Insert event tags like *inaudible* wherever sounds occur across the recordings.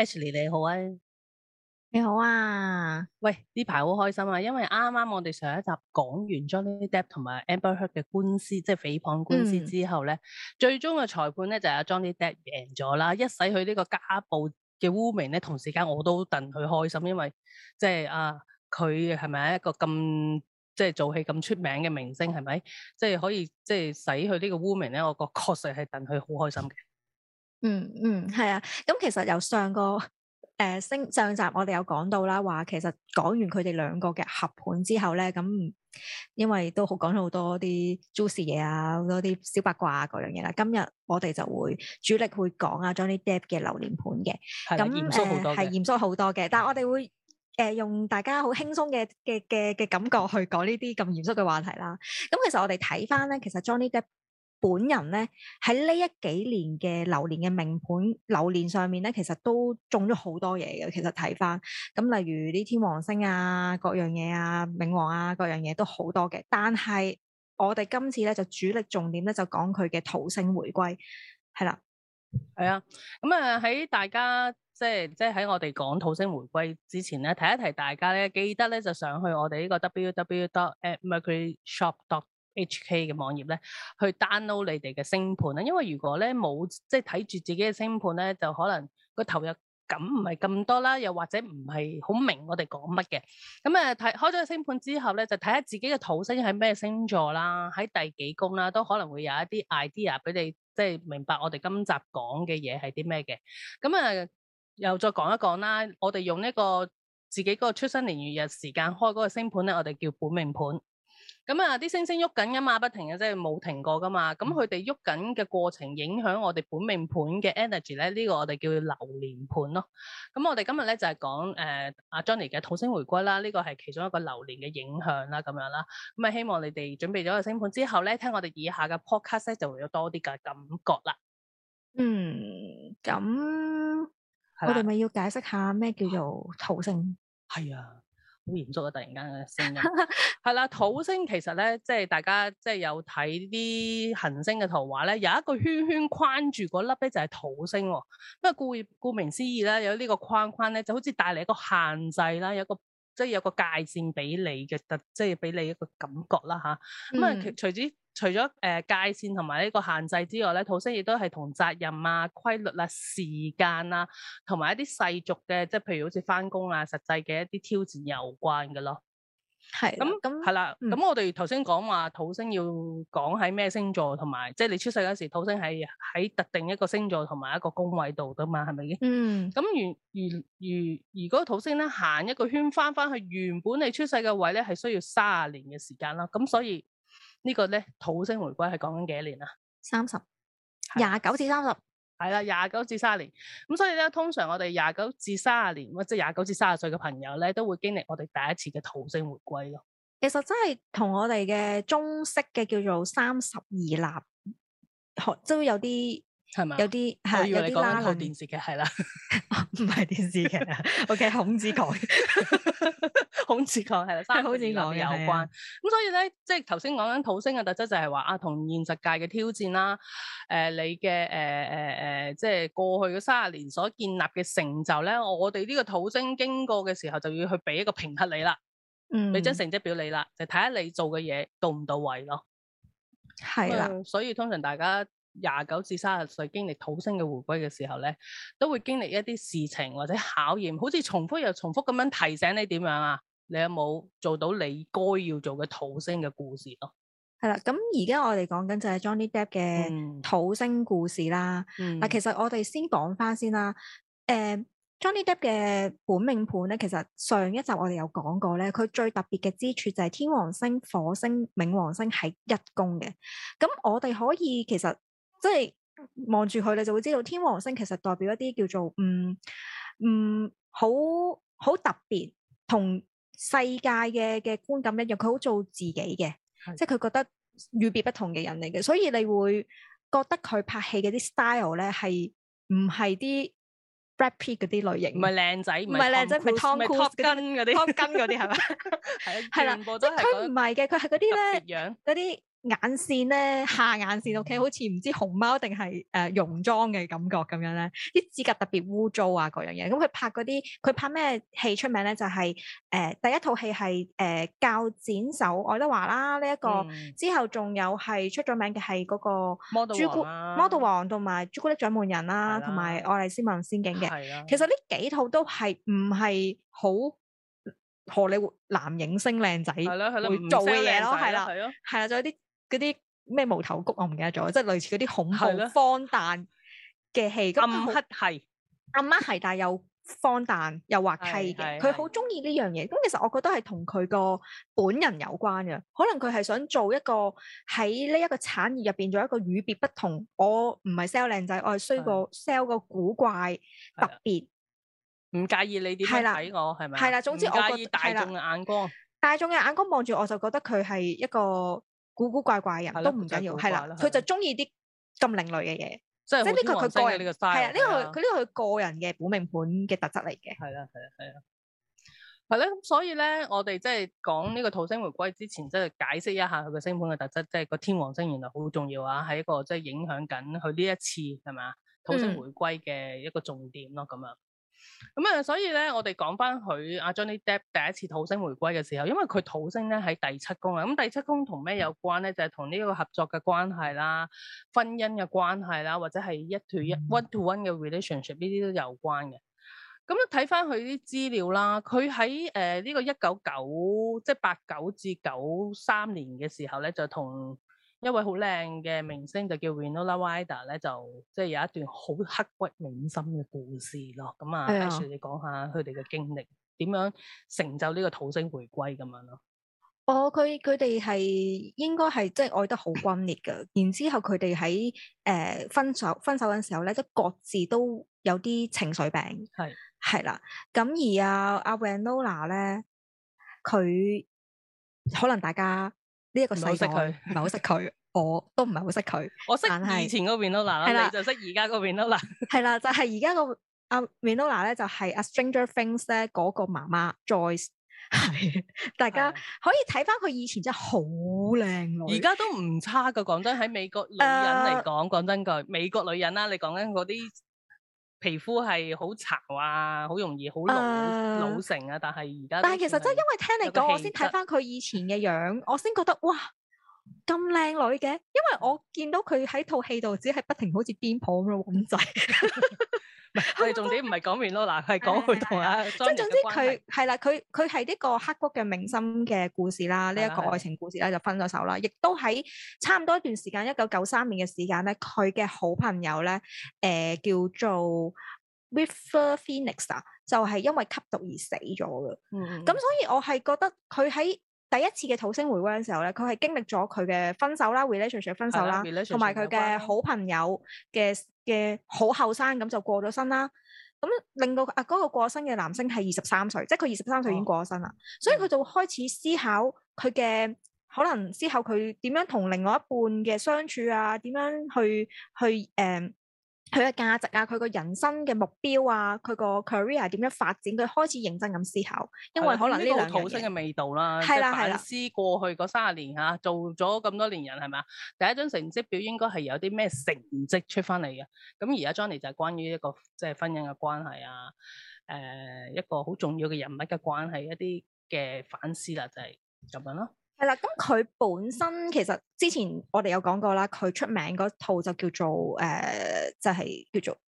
Ashley 你好啊，你好啊，喂，呢排好開心啊，因為啱啱我哋上一集講完 Johnny Depp 同埋 Amber Heard 嘅官司，即係誹謗官司之後咧，嗯、最終嘅裁判咧就係、是、阿 Johnny Depp 贏咗啦，一洗佢呢個家暴嘅污名咧，同時間我都戥佢開心，因為即係啊，佢係咪一個咁即係做戲咁出名嘅明星係咪？即係可以即係洗去呢個污名咧，我覺確實係戥佢好開心嘅。嗯嗯，係、嗯、啊，咁其實由上個誒星、呃、上集我哋有講到啦，話其實講完佢哋兩個嘅合盤之後咧，咁因為都好講咗好多啲 juicy 嘢啊、好多啲小八卦啊嗰樣嘢啦。今日我哋就會主力會講 John 啊，Johnny Depp 嘅流年盤嘅，咁係嚴肅好多嘅，、呃，但係我哋會誒、呃、用大家好輕鬆嘅嘅嘅嘅感覺去講呢啲咁嚴肅嘅話題啦。咁其實我哋睇翻咧，其實 Johnny Depp 本人咧喺呢一幾年嘅流年嘅命盤流年上面咧，其實都種咗好多嘢嘅。其實睇返咁，例如啲天王星啊、各樣嘢啊、冥王啊、各樣嘢都好多嘅。但係我哋今次咧就主力重點咧就講佢嘅土星回歸，係啦，係啊。咁啊喺大家即係即係喺我哋講土星回歸之前咧，提一提大家咧，記得咧就上去我哋呢個 www.mercyshop.com H K 嘅網頁咧，去 download 你哋嘅星盤啦。因為如果咧冇即係睇住自己嘅星盤咧，就可能個投入感唔係咁多啦，又或者唔係好明我哋講乜嘅。咁誒睇開咗個星盤之後咧，就睇下自己嘅土星喺咩星座啦，喺第幾宮啦，都可能會有一啲 idea 俾你，即係明白我哋今集講嘅嘢係啲咩嘅。咁誒又再講一講啦，我哋用呢個自己個出生年月日時間開嗰個星盤咧，我哋叫本命盤。咁啊，啲星星喐緊噶嘛，不停嘅，即係冇停過噶嘛。咁佢哋喐緊嘅過程影響我哋本命盤嘅 energy 咧，呢個我哋叫做流年盤咯。咁我哋今日咧就係講誒阿、呃、Johnny 嘅土星回歸啦，呢個係其中一個流年嘅影響啦，咁樣啦。咁啊，希望你哋準備咗個星盤之後咧，聽我哋以下嘅 podcast 咧，就會有多啲嘅感覺啦。嗯，咁，我哋咪要解釋下咩叫做土星。係啊。好嚴肅啊！突然間嘅聲音，係啦， *laughs* 土星其實咧，即係大家即係有睇啲行星嘅圖畫咧，有一個圈圈框住嗰粒咧，就係土星喎。不過顧名思義啦，有呢個框框咧，就好似帶嚟一個限制啦，有一個。即係有個界線俾你嘅特，即係俾你一個感覺啦吓，咁啊，除之除咗誒、呃、界線同埋呢個限制之外咧，土星亦都係同責任啊、規律啊、時間啊，同埋一啲世俗嘅，即係譬如好似翻工啊、實際嘅一啲挑戰有關嘅咯。係咁，係啦，咁我哋頭先講話土星要講喺咩星座，同埋即係你出世嗰時土星係喺特定一個星座同埋一個宮位度噶嘛，係咪？嗯，咁而而而而嗰個土星咧行一個圈翻翻去原本你出世嘅位咧，係需要三十年嘅時間啦。咁所以個呢個咧土星回歸係講緊幾年啊？三十廿九至三十。係啦，廿九至卅年，咁所以咧，通常我哋廿九至卅年，或者廿九至卅歲嘅朋友咧，都會經歷我哋第一次嘅土星回歸咯。其實真係同我哋嘅中式嘅叫做三十而立，學、就、都、是、有啲係咪？吧有啲係有啲套電視劇係啦，唔係的 *laughs* 電視劇 *laughs* ，OK 孔子講。 *laughs* 孔雀座係啦，三好似嘅有關咁，所以咧，即係頭先講緊土星嘅特質就係話啊，同現實界嘅挑戰啦，誒、呃、你嘅誒誒誒，即係過去嘅三十年所建立嘅成就咧，我哋呢個土星經過嘅時候就要去俾一個評核你啦，嗯，你將成績表你啦，就睇下你做嘅嘢到唔到位咯，係啦的，所以通常大家廿九至卅歲經歷土星嘅回歸嘅時候咧，都會經歷一啲事情或者考驗，好似重複又重複咁樣提醒你點樣啊？你有冇做到你該要做嘅土星嘅故事咯？係啦，咁而家我哋講緊就係 Johnny Depp 嘅土星故事啦。嗱，嗯、其實我哋先講翻先啦。誒、呃、Johnny Depp 嘅本命盤咧，其實上一集我哋有講過咧，佢最特別嘅之處就係天王星、火星、冥王星係一宮嘅。咁我哋可以其實即係望住佢，你、就是、就會知道天王星其實代表一啲叫做嗯嗯好好特別同，世界嘅嘅觀感一樣，佢好做自己嘅，的即係佢覺得與別不同嘅人嚟嘅，所以你會覺得佢拍戲嗰啲 style 咧係唔係啲 Brad Pitt 嗰啲類型？唔係靚仔，唔係 Tom Cruise，唔係是 Top Gun 嗰啲，Top Gun 嗰啲係嘛？係啦，即係佢唔係嘅，佢係嗰啲咧嗰啲。眼線咧，下眼線 OK，好似唔知熊貓定係誒濃妝嘅感覺咁樣咧，啲指甲特別污糟啊，嗰樣嘢。咁佢拍嗰啲佢拍咩戲出名咧？就係誒第一套戲係誒鉸剪手愛德華啦呢一個，之後仲有係出咗名嘅係嗰個魔盜魔盜王同埋朱古力獎門人啦，同埋愛麗絲夢仙境嘅。係啦，其實呢幾套都係唔係好荷里活男影星靚仔會做嘅嘢咯，係啦，係啦，係啦，仲有啲。嗰啲咩無頭谷，我唔記得咗，即係類似嗰啲恐怖荒誕嘅戲。暗黑系，暗黑系，但係又荒誕又滑稽嘅。佢好中意呢樣嘢。咁其實我覺得係同佢個本人有關嘅，可能佢係想做一個喺呢一個產業入邊做一個與別不同。我唔係 sell 靚仔，我係衰過 sell 個古怪特別。唔介意你點睇我係咪？係啦，總之我介意大眾嘅眼光。大眾嘅眼光望住我就覺得佢係一個。古古怪怪嘅人了都唔緊要，係啦，佢了就中意啲咁另類嘅嘢，即係呢個佢個個人係個啊，呢、啊啊、個佢呢、啊、個佢個人嘅本命盤嘅特質嚟嘅。係啦、啊，係啦、啊，係啦、啊，係啦、啊。咁、啊啊、所以咧，我哋即係講呢個土星回歸之前，即係解釋一下佢個星盤嘅特質，即係個天王星原來好重要啊，係一個即係影響緊佢呢一次係咪啊土星回歸嘅一個重點咯咁樣。嗯。咁啊，所以咧，我哋講翻佢阿 Johnny Depp 第一次土星回歸嘅時候，因為佢土星咧喺第七宮啊，咁第七宮同咩有關咧？就係同呢個合作嘅關係啦、嗯、婚姻嘅關係啦，或者係一對一 one to one 嘅 relationship 呢啲都有關嘅。咁睇翻佢啲資料啦，佢喺誒呢個一九九即係八九至九三年嘅時候咧，就同。一位好靚嘅明星就叫 Winona Ryder 咧，就即係有一段好刻骨銘心嘅故事咯。咁啊 a s 你講下佢哋嘅經歷，點、哎、呦樣成就呢個土星回歸咁樣咯？哦，佢佢哋係應該係即係愛得好轟烈噶，然之後佢哋喺誒分手分手嘅時候咧，即各自都有啲情緒病。係係啦，咁而阿阿 Winona 咧，佢、啊、可能大家。呢一個世界唔係好識佢，我都唔係好識佢。 *laughs* 是我識以前 Winona 啦，你就識而家 Winona 係啦，就係而家個阿 Winona 咧，就係、是、阿 Stranger Things 咧嗰、那個媽媽 Joyce。係， *laughs* *laughs* 大家可以睇翻佢以前真係好靚女，而家都唔差噶。講真，喺美國女人嚟講，講、uh, 真句，美國女人啦、啊，你講緊嗰啲。皮膚係好潮啊，好容易好老、uh, 老成啊，但係而家但係其實真係因為聽你講，我先睇翻佢以前嘅樣，實我先覺得哇咁靚女嘅，因為我見到佢喺套戲度只係不停好似癲婆咁樣揾仔。佢係重點唔係講完咯，嗱佢係講佢同阿，即對係總之佢係啦，佢佢係呢個刻骨嘅銘心嘅故事啦，呢一對個愛情故事咧，就分咗手啦，亦都喺差唔多一段時間，一九九三年嘅時間咧，佢嘅好朋友咧，誒、呃、叫做 River Phoenix 啊，就係因為吸毒而死咗嘅，咁對、嗯、所以我係覺得佢喺第一次嘅土星回歸嘅時候咧，佢係經歷咗佢嘅分手啦，relationship 分手啦，同埋佢嘅好朋友嘅嘅好後生咁就過咗身啦。咁令到啊嗰個過身嘅男星係二十三歲，即係佢二十三歲已經過咗身啦。哦、所以佢就開始思考佢嘅可能之後佢點樣同另外一半嘅相處啊，點樣去去誒，呃佢嘅價值啊，佢個人生嘅目標啊，佢個 career 點樣發展，佢開始認真咁思考，因為可能呢的個土星嘅味道啦，係啦係啦，反思過去嗰三十年吓、啊，的做咗咁多年人係咪啊？第一張成績表應該係有啲咩成績出翻嚟嘅，咁而家 Johnny 就係關於一個即係、就是、婚姻嘅關係啊，誒、呃、一個好重要嘅人物嘅關係一啲嘅反思啦、啊，就係、是、咁樣咯。係啦，咁佢本身其實之前我哋有講過啦，佢出名嗰套就叫做誒、呃，就係、是、叫做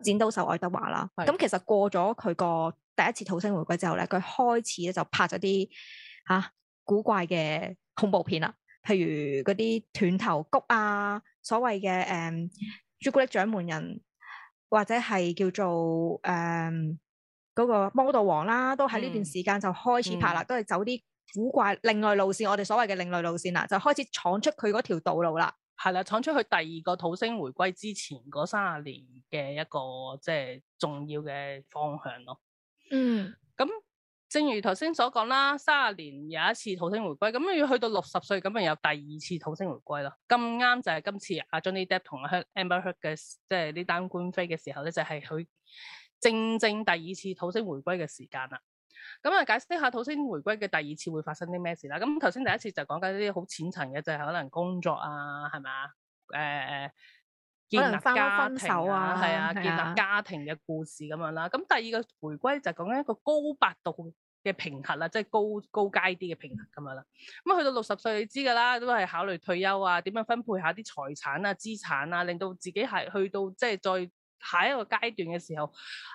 《剪刀手愛德華》啦。咁的其實過咗佢個第一次土星回歸之後咧，佢開始咧就拍咗啲嚇古怪嘅恐怖片啦，譬如嗰啲斷頭谷啊，所謂嘅誒朱古力獎門人，或者係叫做誒嗰、嗯那個魔盜王啦，都喺呢段時間就開始拍啦，都係走啲，嗯古怪、另外路線，我哋所謂嘅另類路線啦，就開始闖出佢嗰條道路啦，係啦，闖出去第二個土星回歸之前嗰三十年嘅一個即係重要嘅方向咯。嗯，咁正如頭先所講啦，三十年有一次土星回歸，咁要去到六十歲，咁咪有第二次土星回歸咯。咁啱就係今次阿 Johnny Depp 同阿 Amber Heard 嘅即係呢單官非嘅時候咧，就係、是、佢正正第二次土星回歸嘅時間啦。咁啊、嗯，解釋一下土星回歸嘅第二次會發生啲咩事啦。咁頭先第一次就講緊一啲好淺層嘅，就係、是、可能工作啊，係咪，誒、呃，建立家庭啊，係啊，啊啊建立家庭嘅故事咁樣啦。咁、嗯、第二個回歸就講緊一個高八度嘅平衡啦，即係高高階啲嘅平衡咁樣啦。咁、嗯、去到六十歲，你知噶啦，都係考慮退休啊，點樣分配一下啲財產啊、資產啊，令到自己係去到即係再。下一個階段嘅時候，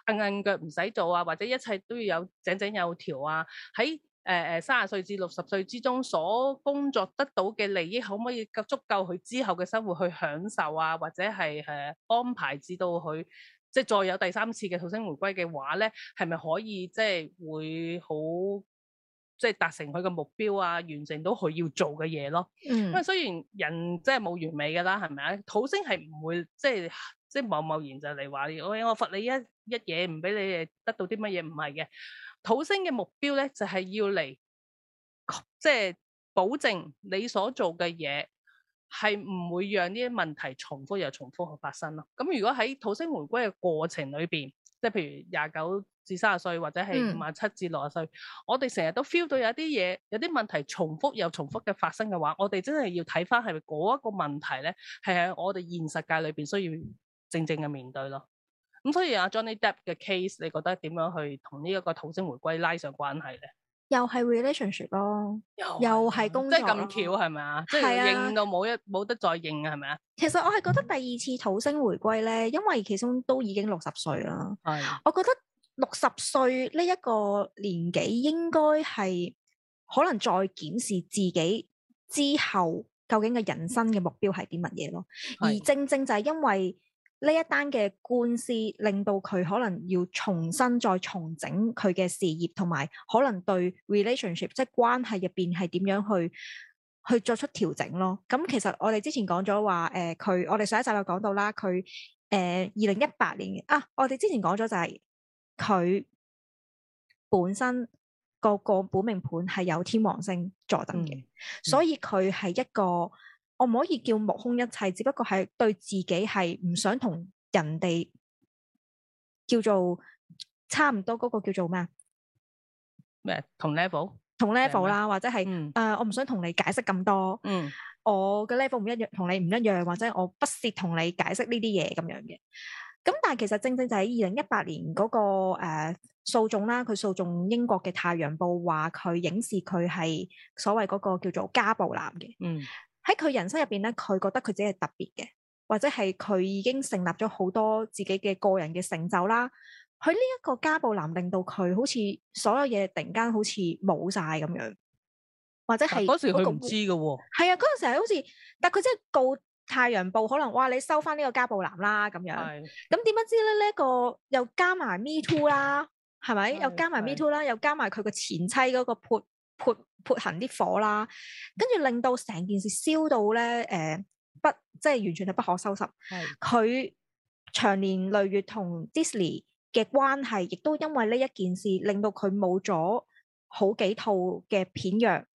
硬硬腳唔使做啊，或者一切都要有井井有條啊。喺誒誒，卅、啊、歲至六十歲之中，所工作得到嘅利益，可唔可以夠足夠佢之後嘅生活去享受啊？或者係誒、呃、安排至到佢，即係再有第三次嘅土星回歸嘅話咧，係咪可以即係會好，即係達成佢嘅目標啊？完成到佢要做嘅嘢咯。嗯，因為雖然人即係冇完美噶啦，係咪啊？土星係唔會即係。即係貿貿然就嚟話、哎，我我罰你一一嘢，唔俾你誒得到啲乜嘢，唔係嘅。土星嘅目標咧，就係、是、要嚟即係保證你所做嘅嘢係唔會讓呢啲問題重複又重複發生咯。咁如果喺土星回歸嘅過程裏邊，即係譬如廿九至卅歲，或者係五十七至六十歲，嗯、我哋成日都 feel 到有啲嘢，有啲問題重複又重複嘅發生嘅話，我哋真係要睇翻係咪嗰一個問題咧，係喺我哋現實界裏邊需要。正正嘅面對咯，咁所以阿 Johnny Depp 嘅 case，你覺得點樣去同呢一個土星回歸拉上關係咧？又係 relationship 咯，又係工作、嗯，即係咁巧係咪啊？即係認到冇一冇得再認啊，係咪啊？其實我係覺得第二次土星回歸咧，因為其中都已經六十歲啦。係的，我覺得六十歲呢一個年紀應該係可能再檢視自己之後究竟嘅人生嘅目標係啲乜嘢咯。的而正正，正就係因為。呢一單嘅官司令到佢可能要重新再重整佢嘅事業，同埋可能對 relationship 即係關係入邊係點樣去去作出調整咯。咁、嗯嗯、其實我哋之前講咗話，誒、呃、佢我哋上一集有講到啦，佢誒二零一八年啊，我哋之前講咗就係、是、佢本身個個本命盤係有天王星坐等嘅，嗯嗯、所以佢係一個。我唔可以叫目空一切，只不過係對自己係唔想同人哋叫做差唔多嗰個叫做咩啊？咩同 level？同 level 啦，咩或者係誒、嗯呃，我唔想同你解釋咁多。嗯，我，我嘅 level 唔一樣，同你唔一樣，或者我不屑同你解釋呢啲嘢咁樣嘅。咁但係其實正正就喺二零一八年嗰、嗰個誒訴訟啦，佢訴訟英國嘅《太陽報》話佢影視佢係所謂嗰個叫做家暴男嘅。嗯。喺佢人生入邊咧，佢覺得佢自己係特別嘅，或者係佢已經成立咗好多自己嘅個人嘅成就啦。佢呢一個家暴男令到佢好似所有嘢突然間好似冇晒咁樣，或者係嗰、那個、時佢唔知嘅喎。係啊，嗰陣時係好似，但佢真係告太陽報，可能哇，你收翻呢個家暴男啦咁樣。咁點不知咧？呢、這個又加埋 Me Too 啦，係咪？是的 又加埋 Me Too 啦，又加埋佢個前妻嗰個潑潑。撥行啲火啦，跟住令到成件事燒到咧誒、呃、不，即係完全係不可收拾。佢是的 長年累月同 Disney 嘅關係，亦都因為呢一件事令到佢冇咗好幾套嘅片約。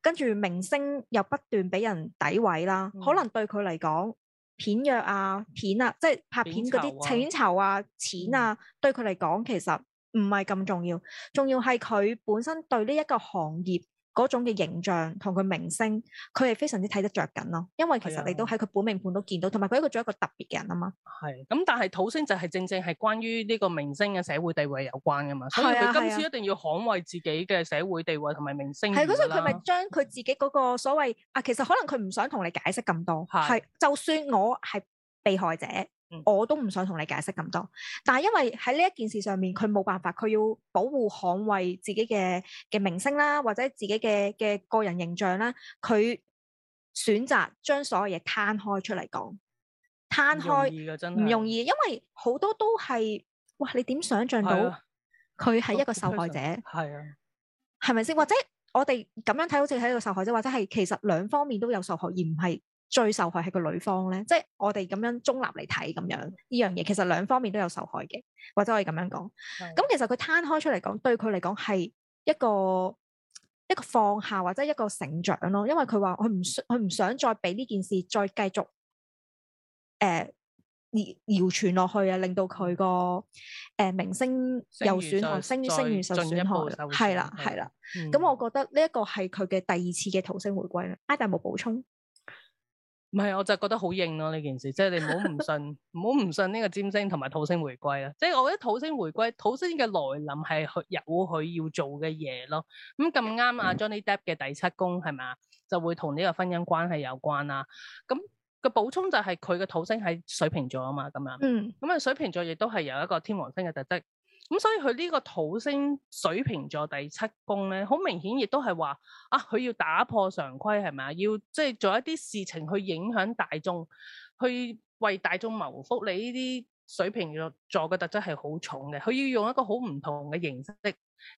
跟住、嗯、明星又不斷俾人詆毀啦。嗯、可能對佢嚟講，片約啊、片啊，即係拍片嗰啲請酬啊、錢啊，嗯、對佢嚟講其實唔係咁重要。重要係佢本身對呢一個行業。嗰種嘅形象同佢明星，佢係非常之睇得着緊咯。因為其實你都喺佢本命盤都見到，同埋佢一個做一個特別嘅人啊嘛。係。咁但係土星就係正正係關於呢個明星嘅社會地位有關嘅嘛。啊、所以佢今次一定要捍衞自己嘅社會地位同埋明星。係、啊，嗰陣佢咪將佢自己嗰個所謂啊，其實可能佢唔想同你解釋咁多。係是。就算我係被害者，我都唔想同你解釋咁多，但係因為喺呢一件事上面，佢冇辦法，佢要保護捍衛自己嘅嘅名聲啦，或者自己嘅嘅個人形象啦，佢選擇將所有嘢攤開出嚟講，攤開唔容，容易，因為好多都係哇，你點想象到佢係一個受害者？係啊，係咪先？或者我哋咁樣睇，好似係一個受害者，或者係其實兩方面都有受害，而唔係。最受害係個女方咧，即係我哋咁樣中立嚟睇咁樣呢樣嘢，其實兩方面都有受害嘅，或者可以咁樣講。咁是的、嗯、其實佢攤開出嚟講，對佢嚟講係一個一個放下或者一個成長咯，因為佢話我唔，佢唔想再俾呢件事再繼續誒、呃、謠傳落去啊，令到佢個誒明星又損害，聲譽受損害，係啦係啦。咁我覺得呢一個係佢嘅第二次嘅土星回歸。阿大冇補充？唔係，我就覺得好應咯呢件事，即係你唔好唔信，唔好唔信呢個占星同埋土星回歸啊！即係我覺得土星回歸，土星嘅來臨係有佢要做嘅嘢咯。咁咁啱啊，Johnny Depp 嘅第七宮係咪，就會同呢個婚姻關係有關啦。咁、那個補充就係佢嘅土星喺水瓶座啊嘛，咁啊，咁啊、嗯，水瓶座亦都係有一個天王星嘅特質。咁所以佢呢個土星水瓶座第七宮咧，好明顯亦都係話啊，佢要打破常規係咪，要即係做一啲事情去影響大眾，去為大眾謀福利呢啲。水瓶座嘅特質係好重嘅，佢要用一個好唔同嘅形式，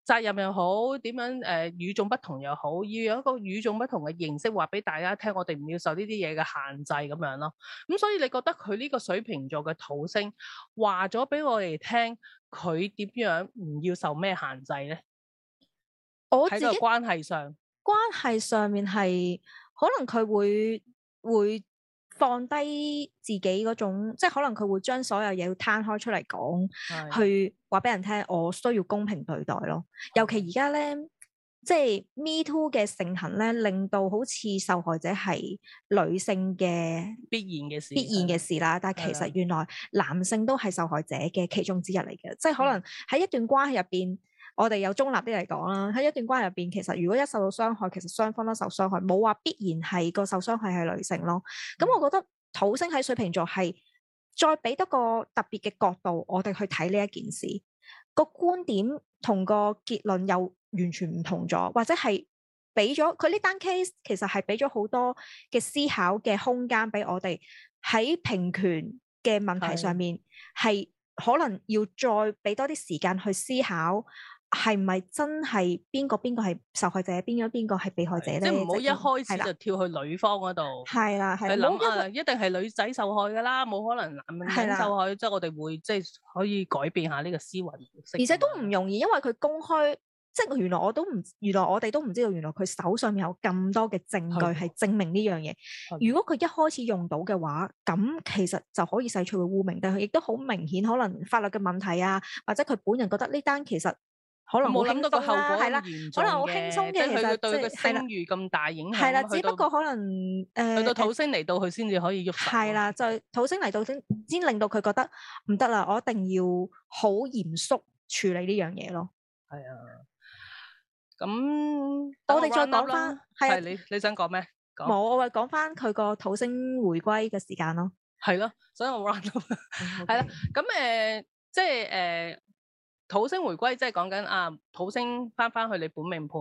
責任又好，點樣誒與眾不同又好，要有一個與眾不同嘅形式話俾大家聽，我哋唔要受呢啲嘢嘅限制咁樣咯。咁、嗯、所以你覺得佢呢個水瓶座嘅土星話咗俾我哋聽，佢點樣唔要受咩限制咧？我喺自個關係上，關係上面係可能佢會會。會放低自己嗰種，即係可能佢會將所有嘢要攤開出嚟講，的去話俾人聽，我需要公平對待咯。的尤其而家咧，即係 Me Too 嘅盛行咧，令到好似受害者係女性嘅必然嘅事，必然嘅事啦。的但係其實原來男性都係受害者嘅其中之一嚟嘅，即係的可能喺一段關係入邊。我哋有中立啲嚟講啦，喺一段關係入邊，其實如果一受到傷害，其實雙方都受傷害，冇話必然係個受傷害係女性咯。咁，嗯，我覺得土星喺水瓶座係再俾多個特別嘅角度，我哋去睇呢一件事個觀點同個結論又完全唔同咗，或者係俾咗佢呢單 case 其實係俾咗好多嘅思考嘅空間俾我哋喺平權嘅問題上面，係是可能要再俾多啲時間去思考。係咪真係邊個邊個係受害者，邊個邊個係被害者咧？即係唔好一開始的就跳去女方嗰度。係啦，係諗想有啊，一定係女仔受害噶啦，冇的可能男人受害。即係的我哋會即係、就是、可以改變下呢個思維。而且都唔容易，因為佢公開，即、就、係、是、原來我都唔，原來我哋都唔知道，原來佢手上面有咁多嘅證據係證明呢樣嘢。如果佢一開始用到嘅話，咁其實就可以洗脫去污名。但係亦都好明顯，可能法律嘅問題啊，或者佢本人覺得呢單其實。可能冇諗到個後果、啊、可能好輕鬆嘅，即係佢對個聲譽咁大影響。係啦的，到只不過可能誒，呃、去到土星嚟到，佢先至可以喐翻。係啦，就土星嚟到先先令到佢覺得唔得啦，我一定要好嚴肅處理呢樣嘢咯。係啊，咁我哋再講翻，係你你想講咩？冇，我話講翻佢個土星回歸嘅時間咯。係咯，所以我 random 係啦。咁 *laughs* 誒、呃，即係誒。呃呃呃呃呃呃呃呃土星回歸即係講緊啊，土星返返去你本命盤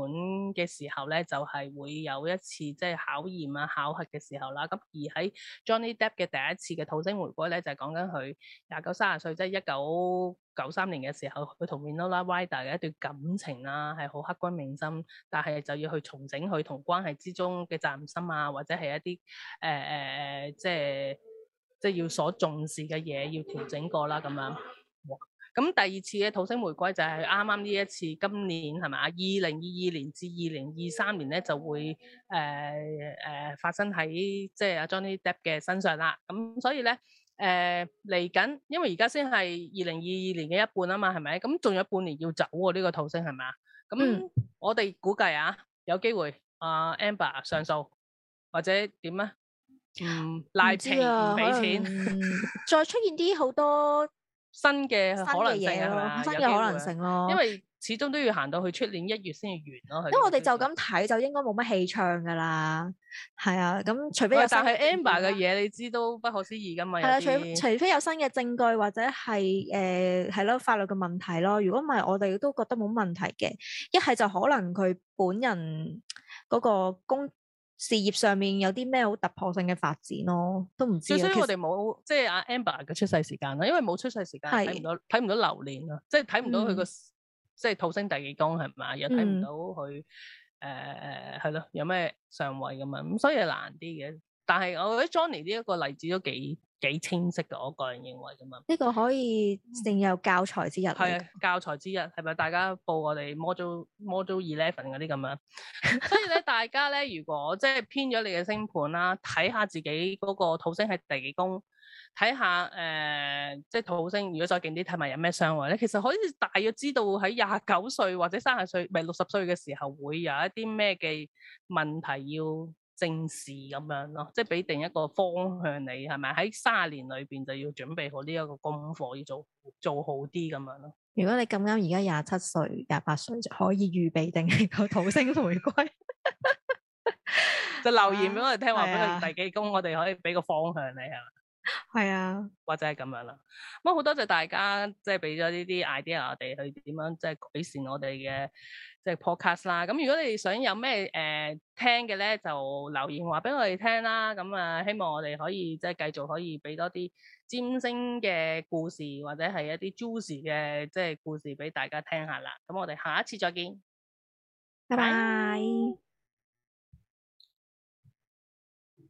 嘅時候咧，就係、是、會有一次即係、就是、考驗啊、考核嘅時候啦。咁而喺 Johnny Depp 嘅第一次嘅土星回歸咧，就係講緊佢廿九、卅歲，即係一九九三年嘅時候，佢同 Winona Ryder 嘅一段感情啊，係好刻骨銘心，但係就要去重整佢同關係之中嘅責任心啊，或者係一啲誒誒，即係即係要所重視嘅嘢要調整過啦，咁樣。咁第二次嘅土星回歸就係啱啱呢一次，今年係咪？二零二二年至二零二三年咧就會誒誒、呃呃、發生喺即係阿 Johnny Depp 嘅身上啦。咁所以咧誒，嚟緊，因為而家先係二零二二年嘅一半啊嘛，係咪？咁仲有半年要走喎、啊、呢、這個土星係咪？咁、嗯、我哋估計啊，有機會阿、呃、Amber 上訴或者點咧？唔賴皮唔俾錢，啊、 *laughs* 再出現啲好多。新嘅可，可能性咯，新嘅可能性咯，因為始終都要行到去出年一月先至完咯。因為我哋就咁睇就應該冇乜戲唱噶啦，係啊，咁除非有新證據。但係 Amber 嘅嘢你知都不可思議噶嘛？係啊，除除非有新嘅證據或者係誒係咯，法律嘅問題咯，如果唔係我哋都覺得冇問題嘅，一係就可能佢本人嗰個公。事業上面有啲咩好突破性嘅發展咯，都唔知。所以我哋冇實即係阿 Amber 嘅出世時間啦，因為冇出世時間睇唔是到睇唔到流年啦，是即係睇唔到佢個、嗯、即係土星第幾宮，係咪又睇唔到佢誒誒係咯，有咩上位咁樣？咁所以係難啲嘅。但係我覺得 Johnny 呢一個例子都幾。幾清晰嘅，我個人認為咁樣。呢個可以定有教材之一，係啊 *noise* ，教材之一，係咪大家報我哋 model model eleven 嗰啲咁樣？ *noise* *laughs* 所以咧，大家咧如果即係編咗你嘅星盤啦，睇下自己嗰個土星係第幾宮，睇下誒即係土星如果再勁啲，睇埋有咩傷害咧。其實可以大約知道喺廿九歲或者三十歲咪六十歲嘅時候會有一啲咩嘅問題要。正事咁樣咯，即係俾定一個方向你係咪？喺卅年裏邊就要準備好呢一個功課，要做做好啲咁樣咯。如果你咁啱而家廿七歲、廿八歲，就可以預備定係個土星回歸， *laughs* *laughs* 就留言俾我哋聽話，俾佢、啊、第幾宮、啊、我哋可以俾個方向你係嘛？係啊，啊或者係咁樣啦。咁好多謝大家即係俾咗呢啲 idea 我哋去點樣即係改善我哋嘅。即係 podcast 啦，咁如果你想有咩誒、呃、聽嘅咧，就留言話俾我哋聽啦。咁啊、呃，希望我哋可以即係繼續可以俾多啲占星嘅故事，或者係一啲 juicy 嘅即係故事俾大家聽下啦。咁我哋下一次再見，拜拜 bye。Bye bye